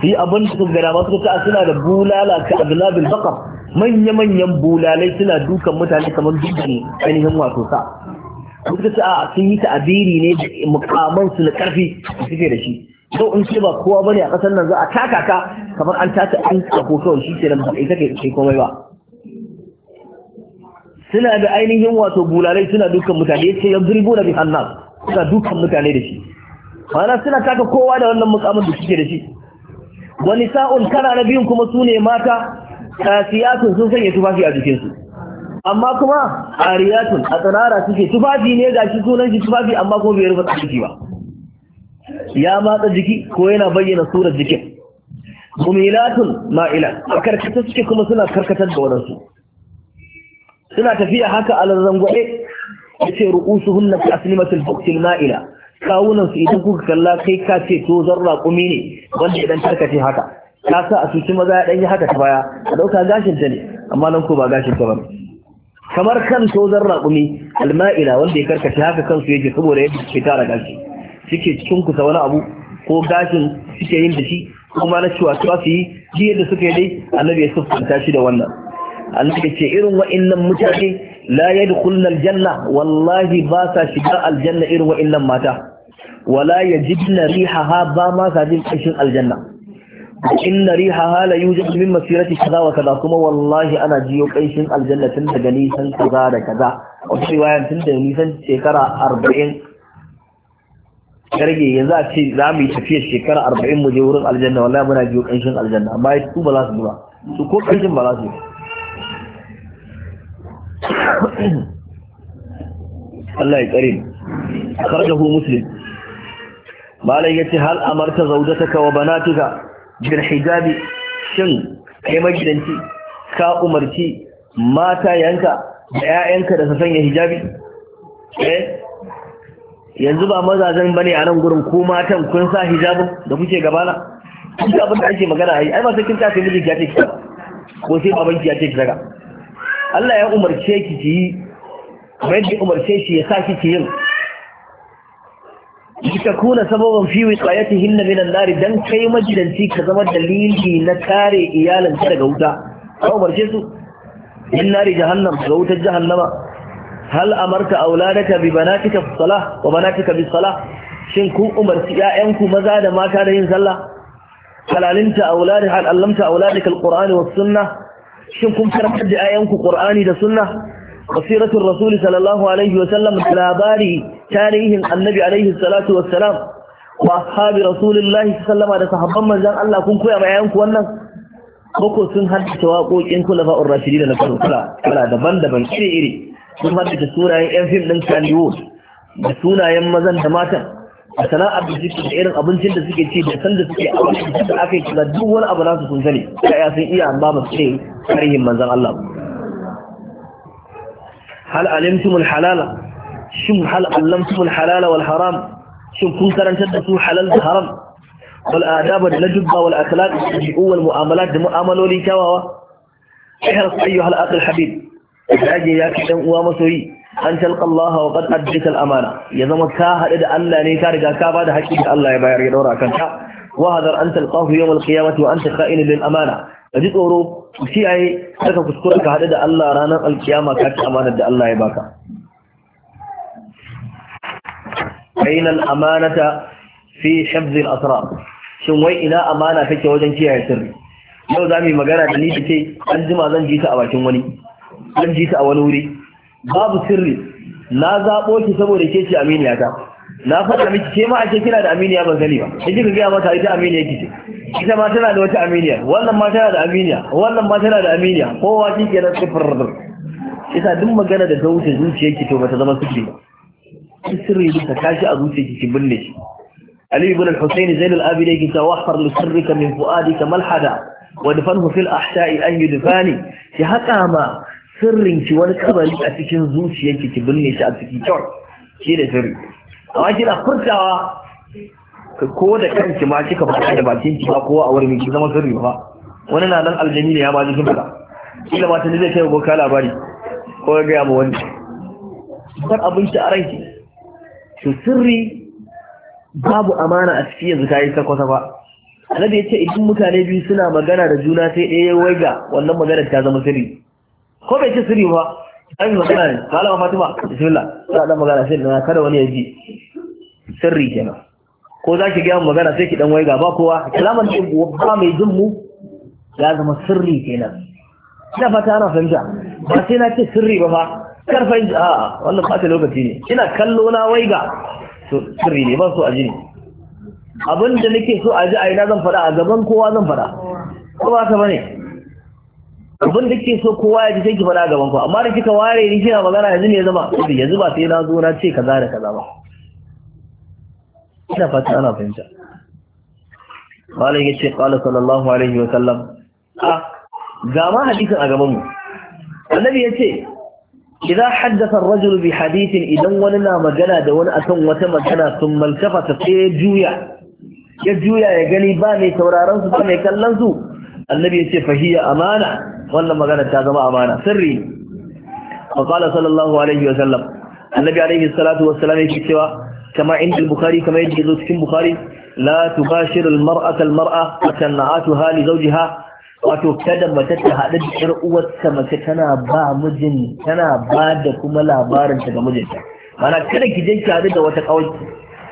su yi abin da suka gada masu ta suna da bulala ka adlabil baqar manya manyan bulalai suna dukan mutane kamar dukkan ainihin wato sa suka ta sun yi ta'abiri ne da mukaman su na karfi da suke da shi yau in ce ba kowa bane a kasar nan za a taka ka kamar an taka an tsako kawai shi ke nan ba kai kake kai komai ba suna da ainihin wato bulalai suna dukkan mutane yace yadribu na bihan suna dukkan mutane da shi mana suna taka kowa da wannan mukamin da suke da shi wani sa'un kana na biyun kuma sune mata kasiyatun sun sanya tufafi a jikinsu amma kuma ariyatun a tsanara suke tufafi ne ga shi sunan shi tufafi amma kuma bai rufe jiki ba ya matsa jiki ko yana bayyana surar jikin mumilatun ma'ila a karkata suke kuma suna karkatar da wadansu suna tafiya haka a lalzangwaɗe ya ce ru'usu hunna fi aslimatul buktil ma'ila kawunan su idan kuka kalla kai ka ce to zan raƙumi ne wanda idan tarkace haka ka sa a cuci maza ya ɗanyi haka ta baya a ɗauka gashin ta ne amma nan ko ba gashin ta ba kamar kan to zan raƙumi alma'ila wanda ya karkace haka kansu yake saboda yadda suke tara gashi suke cikin kusa wani abu ko gashin suke yin da shi kuma na cewa su yi yadda suka yi dai annabi ya siffanta shi da wannan annabi ce irin wa'annan mutane la yadkhulna aljanna wallahi ba sa shiga aljanna irin wa'annan mata wala yajidna rihaha ba ma sa jin kashin aljanna inna rihaha la yujad min masirati kaza wa kaza kuma wallahi ana jiyo kashin aljanna tun daga nisan kaza da kaza wata riwaya tun daga nisan shekara 40 karge yanzu a ce za mu yi tafiyar shekara 40 mu je wurin aljanna wallahi muna jiyo kashin aljanna amma su ba za su ba su ko kashin ba za su yi Allah ya tsare akhrajahu muslim malai yace hal amarta zawjataka wa banatuka bil hijabi shin kai magidanci ka umarci mata yanka da 'ya'yanka da su sanya hijabi eh yanzu ba mazajen bane a nan gurin ko matan kun sa hijabin da kuke gabana duk abin da ake magana ai ai ba sai kin ta kai miji ya ce ki ko sai babanki ya ce ki Allah ya umarce ki ki yi kamar yadda umarce shi ya sa ki ki yin litakuna sababan fi wiqayatihin min an-nar dan kai majidanci ka zama dalili na kare iyalan ka daga wuta ko umarce su min nari jahannam daga wutar jahannama hal amarta auladaka bi banatika bis-salah wa banatika bis-salah shin kun umarci ƴaƴan ku maza da mata da yin sallah halalinta auladi hal allamta auladika al-qur'ana was-sunnah shin kun karantar da ayanku qur'ani da sunna basiratul rasuli sallallahu alaihi wa labari tarihin annabi alaihi salatu wassalam wa ashabi rasulillahi sallama da sahabban manzan Allah kun koya ma ayanku wannan boko sun haddace waƙoƙin rashidi da na kula kala daban-daban iri-iri sun haddace sunayen yan fim din Kannywood da sunayen mazan da matan a sana'ar da suke da irin abincin da suke ci da san da suke abincin da aka yi kaza duk wani abu nasu sun sani sai ya sun iya amma ba su ce tarihin manzon Allah hal alimtum al halala shin hal allamtum al halala wal haram shin kun karantar da su halal da haram wal adaba da najba wal akhlaq wal mu'amalat da mu'amaloli kyawawa ai har ayyuhal akhil habib da ya ki dan uwa masoyi an talqa Allah wa qad addika al-amana ya zama ka hadu da Allah ne ka riga ka bada haƙƙi da Allah ya bayar ya daura kanka wa hadar an talqahu yawm al-qiyamati wa anta kha'in lil amana kaji tsoro shi ai saka kuskure ka hadu da Allah ranar al-qiyama ka ci amanar da Allah ya baka bayna al-amanata fi hifz al-asrar shin wai ina amana take wajen kiyaye sirri yau zamu yi magana da ni da ke an jima zan ji ta a bakin wani zan ji ta a wani wuri babu sirri na zaɓo ki saboda ke ce aminiya ta na faɗa miki ke ma ake ce kina da aminiya ban sani ba sai kika gaya mata ita aminiya kike ita ma tana da wata aminiya wannan ma tana da aminiya wannan ma tana da aminiya kowa shi ke nan sifir isa duk magana da ta wuce ki to bata zama sirri ba sirri ne ka tashi a zuciyarki ki binne shi Ali ibn al-Husayn Zain al-Abidi yake cewa wahfar li sirrika min fu'adika malhada dafanhu fil ahsa'i an yudfani ki haƙa ma sirrin ki wani kabari a cikin zuciyarki ki binne shi a ciki kyau shi da sirri amma kina furtawa ko da kanki ma kika faɗa da bakin ki ba kowa a wurin ki zama sirri ba wani na nan aljani ne ya ba jikin fada kila ma tani zai kai boka labari ko ya gaya ma wani kar abinci a ranki to sirri babu amana a cikin yanzu kai ta kwasa ba annabi ya ce idan mutane biyu suna magana da juna sai ɗaya ya waiga wannan magana ta zama sirri ko bai ci sirri ba an magana ne alama fatima bismillah za dan magana sai dan kada wani ya ji sirri kenan ko za ki ga magana sai ki dan waiga ba kowa kalaman din ba mai jin mu ya zama sirri kenan ina fata ana fahimta ba sai na ce sirri ba fa fa a wannan fata lokaci ne ina kallo na waiga to sirri ne ba so a ji ne abin da nake so a ji a ina zan faɗa a gaban kowa zan faɗa ko ba ka bane abin da ke so kowa ya ji sai ki faɗa gaban ku amma da kika ware ni kina magana yanzu ne zama yanzu ba sai na zo na ce kaza da kaza ba ina fata ana fahimta malam yace qala sallallahu alaihi wa sallam a ah, ga ma hadisin a gaban mu annabi yace idan haddasa rajul bi hadithin idan wani na magana da wani akan wata magana sun malkafa ta sai juya ya juya ya gani ba mai sauraron su ba mai kallon su annabi yace fahiya amana wannan magana ta zama amana sirri wa qala sallallahu alaihi wa sallam annabi alaihi salatu wa salam yake cewa kama inda bukhari kama yadda zo cikin bukhari la tubashir al mar'ata al mar'a tan'atuha li zawjiha wato kada mace ta hada da ƴar uwarta mace tana ba mijin tana ba da kuma labarin ta ga mijinta mana kada ki je ki hadu da wata kawai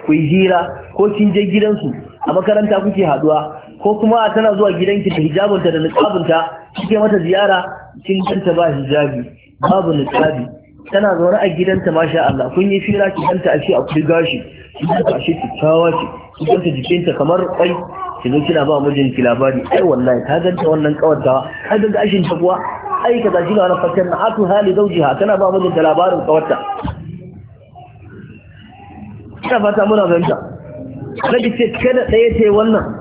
ku hira ko kin je gidansu a makaranta kuke haduwa ko kuma tana zuwa gidanki da hijabinta da niqabinta suke mata ziyara kin ganta ba hijabi babu niqabi tana zaune a gidanta masha Allah kun yi fira ki ganta ashe a kudi gashi ki ganta ashe kyakkyawa ce ki ganta jikinta kamar kwai ki zo kina ba mijinki labari ai wallahi ka ganta wannan kawar ta ka ganta ashin ta kuwa ai ka zaji ga fakkar na hatu hali zaujiha tana ba mijinta labarin kawarta ina fata muna fahimta kada ki ce kada ɗaya ta yi wannan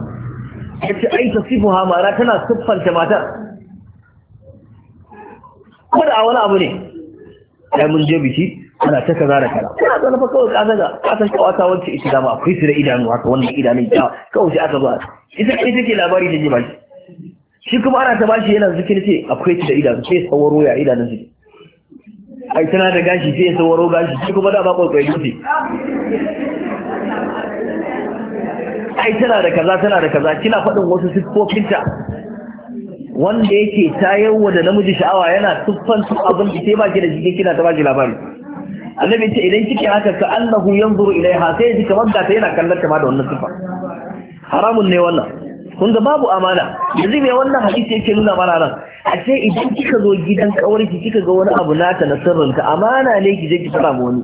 ya ce ai ta sifu tana siffanta matar ko da wani abu ne ya mun je biki ana ta kaza da kaza kana zana fa kawai kaza ga ka san kawata wacce ita dama akwai su da idanu haka wannan idanun ta kawai sai aka ba ita ce take labari da ji ba shi kuma ana ta bashi yana zikiri ce akwai su da idanu sai sawaro ya idanun su ai tana da gashi sai sauraro gashi shi kuma da ba kwaikwayo ce ai tana da kaza tana da kaza kina faɗin wasu siffofinta wanda yake ta yawa da namiji sha'awa yana tuffan su abin da sai ba ki da jikin kina ta ba ki labari annabi ce idan kike haka ka annahu yanzuru ilaiha sai ji kamar da ta yana kallon ta ma da wannan siffa haramun ne wannan kun ga babu amana yanzu me wannan hadisi yake nuna mana nan a ce idan kika zo gidan ki, kika ga wani abu naka na sirrinka amana ne ki je ki fara wani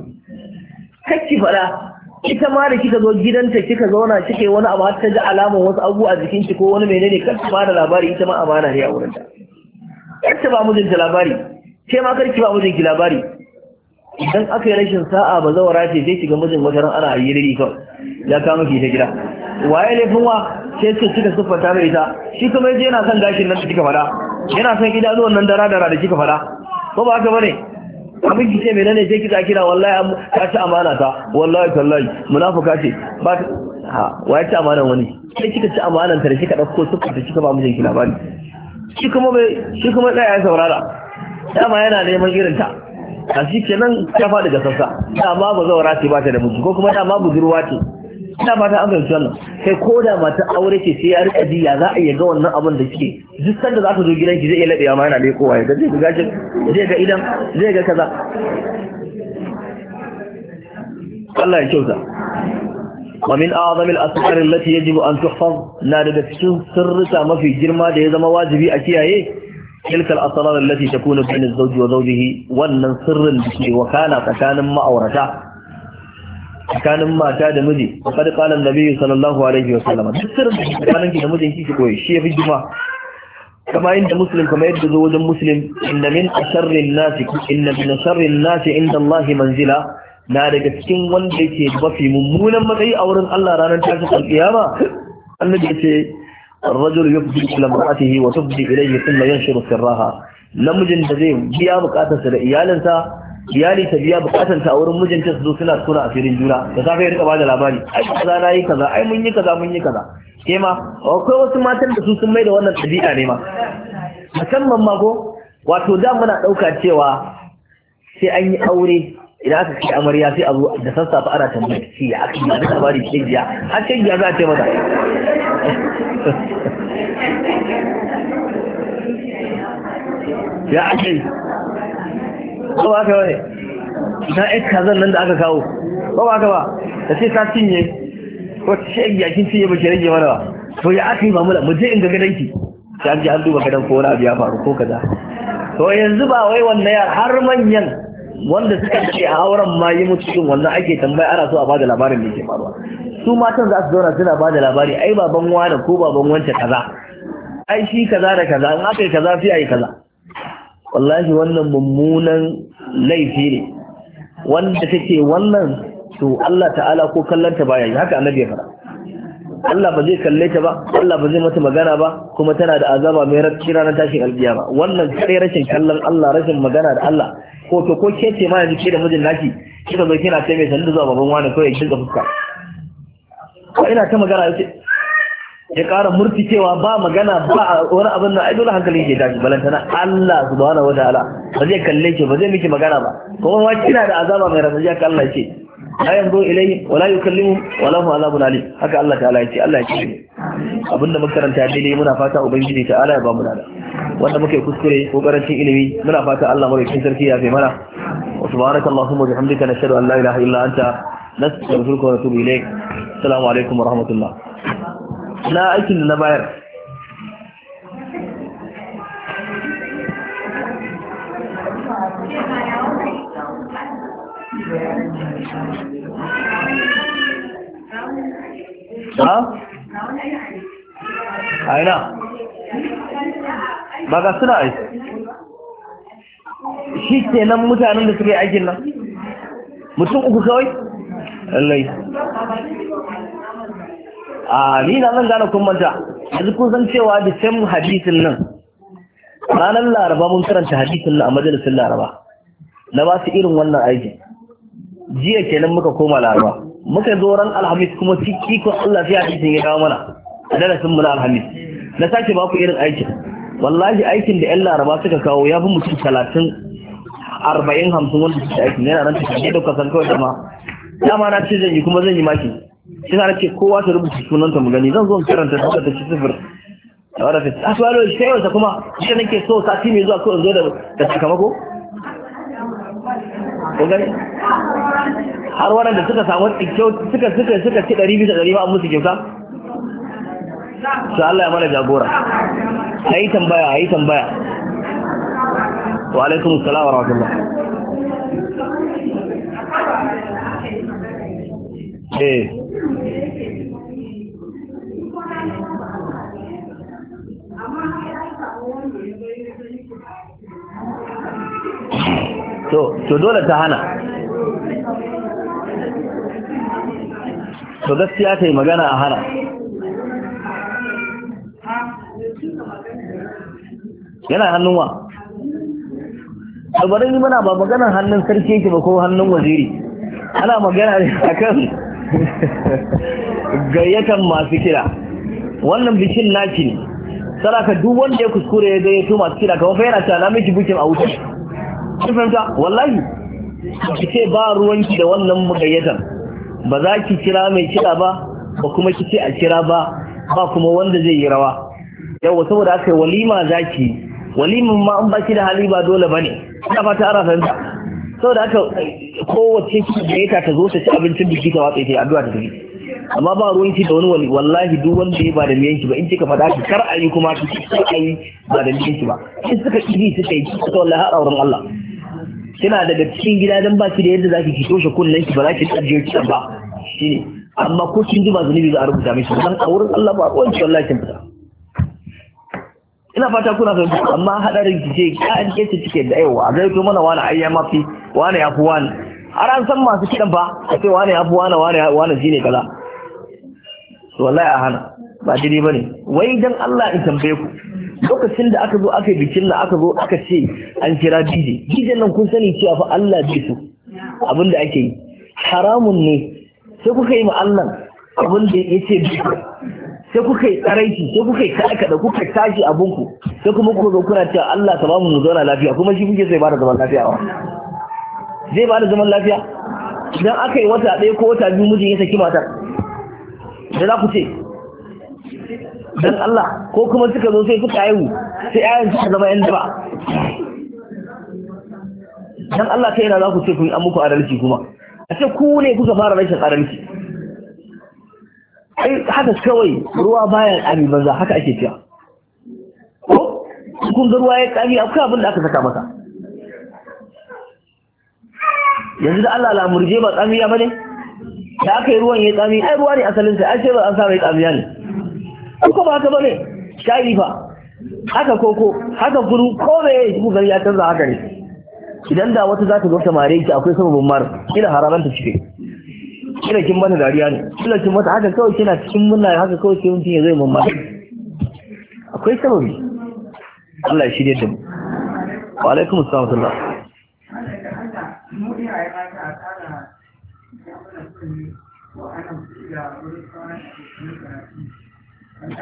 kacci fara ita ma da kika zo gidanta kika zauna kike wani abu har ta ji alamar wasu abu a jikin ki ko wani menene kar ki bada labari ita ma amana ne a wurin ta kar ta ba mijinta labari ke ma kar ki ba mijinki labari idan aka yi rashin sa'a ba zawara ce sai shiga mijin wata ran ana yi riri kawai ya kama ki ta gida waye laifin wa sai su kika siffanta mai ita shi kuma yaje yana son gashin nan da kika fada yana son idanuwan nan dara dara da kika fada ko ba haka bane abin ki ce mai nane sai kika kira wallahi ka ci amana ta wallahi tallahi munafuka ce ba ha wa ya ci amanan wani sai kika ci amanan ta da kika dauko suka da kika ba ba labari shi kuma bai shi kuma tsaya ya saurara dama yana neman irin ta a shi kenan ta faɗi ga sassa dama ba zaura ce ba ta da mutu ko kuma dama budurwa ce ina ba ta an fahimci wannan kai ko da mata aure ce sai ya rika ji za a iya ga wannan abin da ke duk sanda za ka zo gidan ki zai iya laɓewa ma yana kowa ya ga zai ga gashin zai ga idan zai ga kaza Allah ya kyauta ومن أعظم الأسرار التي يجب أن تحفظ لا تكون سرة ما في جرما ده زما واجبي أكيد تلك الأسرار التي تكون بين الزوج وزوجه وأن سر وكان فكان ما أورثه tsakanin mata da miji wa kada kalan nabi sallallahu alaihi wa sallama duk sirrin da tsakanin ki da mijin ki ki koyi shi ya fi juma kama inda muslim kama yadda zo wajen muslim inna min asharrin nasi inna min asharrin nasi inda Allahi manzila na daga cikin wanda yake mafi mummunan matsayi a wurin Allah ranar tashin alƙiyama annabi yace ar-rajul yubdi ila mar'atihi wa tubdi ilayhi thumma yanshiru sirraha namijin da zai biya bukatarsa da iyalinsa iyali ta biya bukatar ta a wurin mijinta su zo suna suna a filin juna da safe ya rika bada labari ai kaza na yi kaza ai mun yi kaza mun yi kaza ke ma akwai wasu matan da su sun mai da wannan ɗabi'a ne ma musamman ma ko wato da muna ɗauka cewa sai an yi aure idan aka ce amarya sai abu da sassafe ana tambayar shi ya aka yi labari ke jiya har ke jiya za a ce mata ya ake ba ba ka wane na yan kazan nan da aka kawo ba ba ka ba da ce ta cinye ko ta ce ya kin cinye ba ki rage mana ba to ya aka yi mamula mu je in ga gadanki sai an je an duba gadan ko wani abu ya faru ko kaza to yanzu ba wai wannan yar har manyan wanda suka dace a auren ma yi mutu cikin wannan ake tambaya ana so a bada labarin da ke faruwa su matan za su zauna suna bada labari ai ba baban wani ko ba ban wance kaza ai shi kaza da kaza in aka yi kaza sai a yi kaza wallahi wannan mummunan laifi ne wanda take wannan to Allah ta'ala ko kallanta baya yi haka annabi ya fara Allah ba zai kalle ta ba Allah ba zai mata magana ba kuma tana da azaba mai rashi ranar tashin ba. wannan kare rashin kallon Allah rashin magana da Allah ko to ko ke ce ma yanzu ke da mijin naki kika zo kina ce mai sanin zuwa babban wani kawai kin ga fuska ko ina ta magana yace ya ƙara cewa ba magana ba wani abin da ai na hankali ke tashi balantana Allah subhanahu ala ba zai kalle ki ba zai miki magana ba kuma ma kina da azaba mai jiya ka Allah ce la yanzu wala wa kalli yukallimu wa lahu azabun alim haka Allah ta'ala ya ce Allah ya ce abinda muka karanta daidai muna fata ubangiji ta'ala ya ba mu nada wanda muke kuskure ko karancin ilimi muna fata Allah mai sarki ya fi mana wa subhanaka allahumma bihamdika nashhadu an la ilaha illa anta نستغفرك ونتوب إليك السلام عليكم wa الله na aikin da na bayar ha? aina ba ga suna aiki shi ke nan mutanen da suke aikin nan mutum uku kawai lallai a ni na zan gane kun manta yanzu kun san cewa da same hadisin nan ranar laraba mun karanta hadisin nan a majalisar laraba na ba su irin wannan aiki jiya kenan muka koma laraba muka zo ran alhamis kuma ciki ko Allah sai hadisin ya dawo mana a darasin mu na alhamis na sake ba ku irin aikin wallahi aikin da yan laraba suka kawo ya fi mutum talatin arba'in hamsin wanda suke aikin yana nan tafiye da kasan kawai dama dama na ce zan yi kuma zan yi maki sai na ce kowa ta rubuta sunanta mu gani zan zo karanta ta ta ci sifir a wadda fita a suwalo shi yawansa kuma shi nake so sati mai zuwa kawai zo da sakamako ko gani har waɗanda suka samu kyau suka suka suka ci ɗari bisa ɗari ba musu kyauta su Allah ya mana jagora a yi tambaya a yi tambaya wa alaikum salam wa rahmatullah eh to dole ta hana to gaskiya ta yi magana a hana yana hannun wa albarin muna ba maganar hannun sarki yake ba ko hannun waziri ana magana a kan gayyatan masu kira wannan bikin naki ne saraka duk wanda ya kuskure ya gayyato masu kira kamar fa yana cewa na miki bukin a wuce kin fahimta wallahi ki ce ba ruwanki da wannan mugayyatan ba za ki kira mai kira ba ba kuma ki ce a kira ba ba kuma wanda zai yi rawa yawa saboda aka yi walima za ki walimin ma an baki da hali ba dole ba ne ina fata ana fahimta saboda aka kowace ki gayyata ta zo ta ci abincin biki ta watsa ta addu'a ta tafi amma ba ruwanki da wani wallahi duk wanda ya ba da miyanki ba in kika faɗa ki kar a yi kuma ki kar a yi ba da miyanki ba in suka ƙi suka yi suka wallahi har auren Allah kina daga cikin gida dan baki da yadda zaki ki toshe kunnen ki ba za ki tsarje ki ba shine amma ko kin ji ba zunubi za a rubuta miki dan a wurin Allah ba wani wallahi kin fita ina fata kuna fahimta amma hadarin ki ce ka an kace cike da yawa zai to mana wani ayya mafi wani yafi wani har an san masu kidan ba a ce wani yafi wani wani wani shine kaza to wallahi a hana ba daidai bane wai dan Allah in tambaye ku lokacin da aka zo aka yi bikin na aka zo aka ce an kira dj dj nan kun sani cewa fa Allah bai so abin da ake yi haramun ne sai kuka yi ma Allah abin da ya ce bai sai kuka yi tsaraiki sai kuka yi da kuka tashi abinku sai kuma ku zo kuna cewa Allah ta bamu mu zauna lafiya kuma shi kuke sai ba da zaman lafiya wa zai ba da zaman lafiya idan aka yi wata ɗaya ko wata biyu mijin ya saki matar da za ku ce dan Allah ko kuma suka zo sai suka haihu sai ayan suka zama yan daba dan Allah kai yana za ku ce yi an muku adalci kuma a ce ku ne kuka fara rashin adalci ai haka kawai ruwa bayan ƙami banza haka ake cewa ko kun ga ruwa ya ƙami akwai abin da aka saka maka yanzu da Allah lamurje ba tsamiya ba ne da aka yi ruwan ya tsami ai ruwa ne asalin sai ai sai ba an sa mai tsamiya ne ko ba haka bane shayi fa haka koko haka guru ko me yayi ku gari ya canza haka ne idan da wata za ta zo ta mare ki akwai sababin mar ina hararan ta cike kina kin bata dariya ne kina kin mata haka kawai kina cikin munna haka kawai kin mutum ya zai mun mar akwai sababi Allah ya shirye da mu wa alaikum assalam wa rahmatullah Thank you. in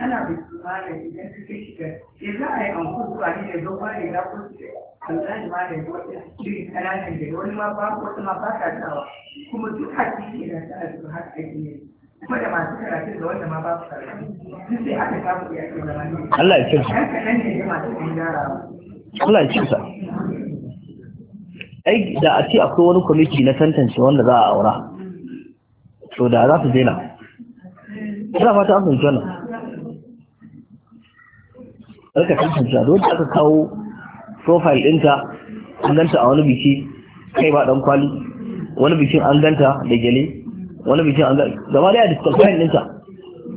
ana bikin malam ya za a yi da zo ba ya wani ma ba ba ta kuma har ne kuma da masu da wanda ma su sai ke Allah ya kyauta. masu ai da a ce akwai wani kwamiti na tantance wanda za a aura to da za su za a fata an fahimci wannan rika tantance don da aka kawo profile ɗinta an ganta a wani biki kai ba dan kwali wani bikin an ganta da gele wani bikin an ganta gaba da ya disqualifying ɗinta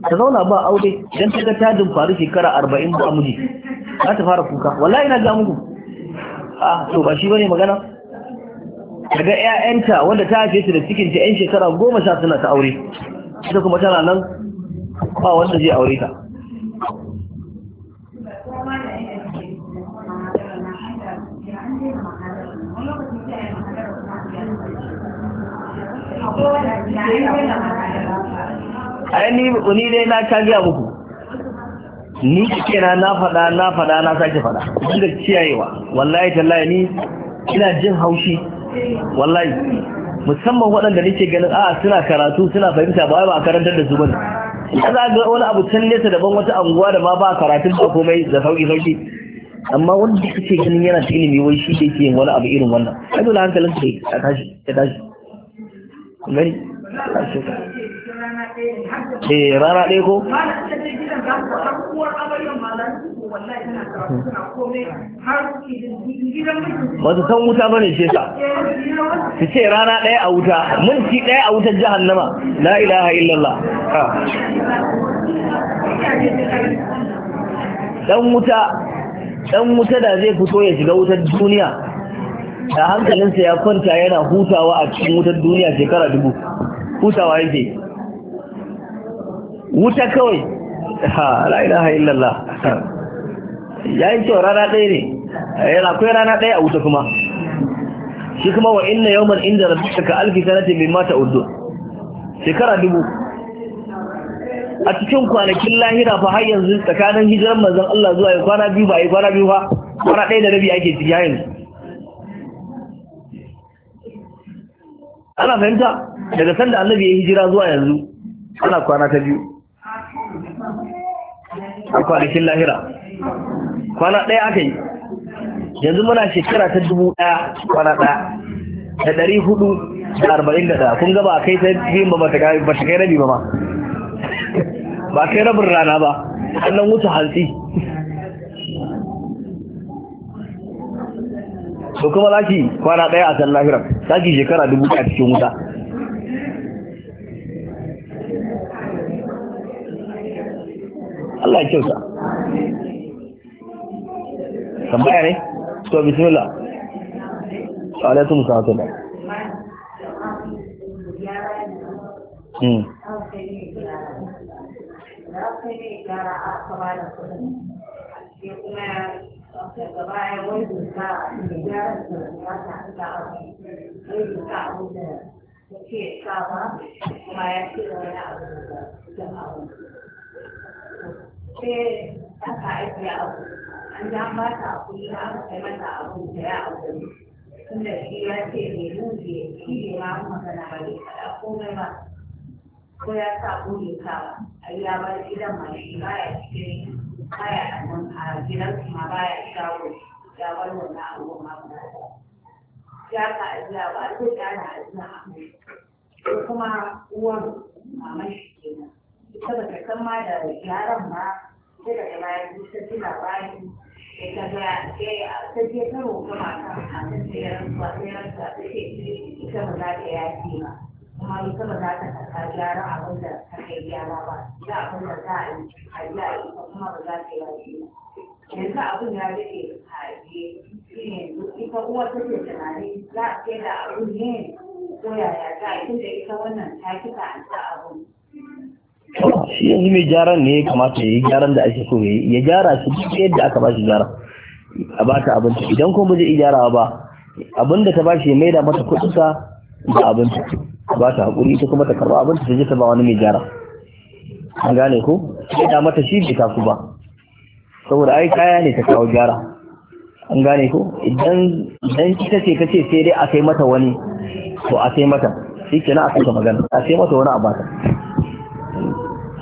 ta zauna ba aure don ta ga tajin faru shekara arba'in ba miji za ta fara kuka wallahi na ga muku a ah, to ba shi bane magana daga ƴaƴanta, wanda ta haife su da cikin ta ‘yan shekara goma sha suna ta aure ita kuma tana nan ba wanda zai aure ta ai ni dai na kagiya muku ni ke na faɗa na faɗa na sake faɗa duk da ciyayewa wallahi tallahi ni ina jin haushi wallahi musamman waɗanda nake ganin a suna karatu suna fahimta ba ba a karantar da su ba ya za ga wani abu can nesa daban wata anguwa da ma ba karatun da komai da sauki sauki amma wanda kake ganin yana da ilimi wai shi da yake yin wani abu irin wannan ai dole hankalin ka ya tashi ya tashi gani eh rana ɗaya ko ba su san wuta ba ne ce sa su ce rana ɗaya a wuta minti ɗaya a wutar jahannama la ilaha illallah dan wuta dan wuta da zai fito ya shiga wutar duniya da hankalinsa ya kwanta yana hutawa a cikin wutar duniya shekara dubu hutawa yake wuta kawai ha la ilaha illallah ya yi kyau rana ɗaya ne yana eh, akwai rana ɗaya a wuta kuma shi kuma wa inna yawman inda rabbika ka alfi sanatin mata ta'uddu shekara dubu a cikin kwanakin lahira fa har yanzu tsakanin hijiran manzon Allah zuwa ya kwana biyu ba ya kwana biyu ba kwana ɗaya da rabi ake ciki yayin ana fahimta daga sanda annabi ya hijira zuwa yanzu ana kwana ta biyu a kwanakin lahira kwana ɗaya aka yi yanzu muna shekara ta dubu ɗaya kwana ɗaya da ɗari hudu da arba'in da ɗaya kun gaba a kai ta yin ba ta kai rabi ba ma ba kai rabin rana ba annan wuta hantsi to kuma za ki kwana ɗaya a san lahirar za ki shekara dubu a cikin wuta Allah ya kyauta tambaya ne to bismillah alaikum salam hmm. a an ya ba a kuɗi an aka kai mata abu da ya abu tunda shi ya ce mai rufe shi ne ma magana ba ne faɗa komai ba ko ya sa burin ka a ya bar gidan ma shi ba ya cike baya nan a gidan kuma ba ya shago ya bar wannan abu ma ba ya ka ajiya ba ko ya na ajiya a ko kuma uwan mamashi kenan ita ba ta san ma da yaran ba sai daga bayan ta ji labarin kaga ta je ta a ta ba za ta ba kuma za ta da ta kai za a yi kuma ba za ta ba yanzu abin ya rike a je ita uwa ta ce tunani za a ce da abin ne ko yaya za a da ita wannan ta kita an sa shi yanzu mai gyaran ne ya kamata ya yi gyaran da ake so ya gyara su duk yadda aka ba shi gyara a ba ta abinci idan kuma zai gyarawa ba abin da ta ba shi mai da mata kuɗinsa da abinci ba ta haƙuri ita kuma ta karɓa abinci ta je ta ba wani mai gyara an gane ko sai da mata shi bai ku ba saboda ai kaya ne ta kawo gyara an gane ko idan idan ita ce kace sai dai a kai mata wani to a kai mata shi kenan a kai magana a kai mata wani a bata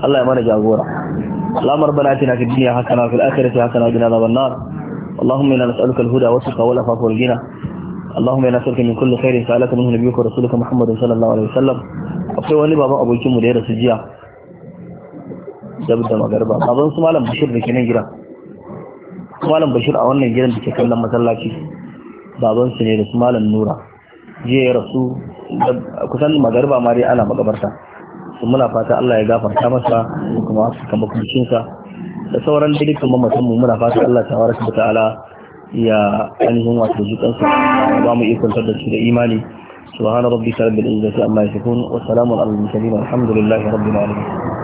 Allah ya mana jagora lamar bana tina fi duniya hasana fil akhirati hasana gina zaban nar اللهم انا نسالك الهدى والتقى والعفاف والغنى اللهم انا نسالك من كل خير سالك منه نبيك ورسولك محمد صلى الله عليه وسلم akwai wani baban abokin da ya rasu jiya da da magarba baban su malam bashir da ke nan gidan malam bashir a wannan gidan da ke kallon masallaci baban su ne da su malam nura jiya ya rasu kusan magarba ma dai ana magabarta su muna fata Allah ya gafarta masa kuma suka makuncinsa da sauran dukkan mamatan mu muna fata Allah wara bata ta'ala ya ainihin wato zukansu ba mu iya kwantar da su da imani subhana rabbika rabbil izzati amma yasifun wa salamun alal mursalin alhamdulillahi rabbil alamin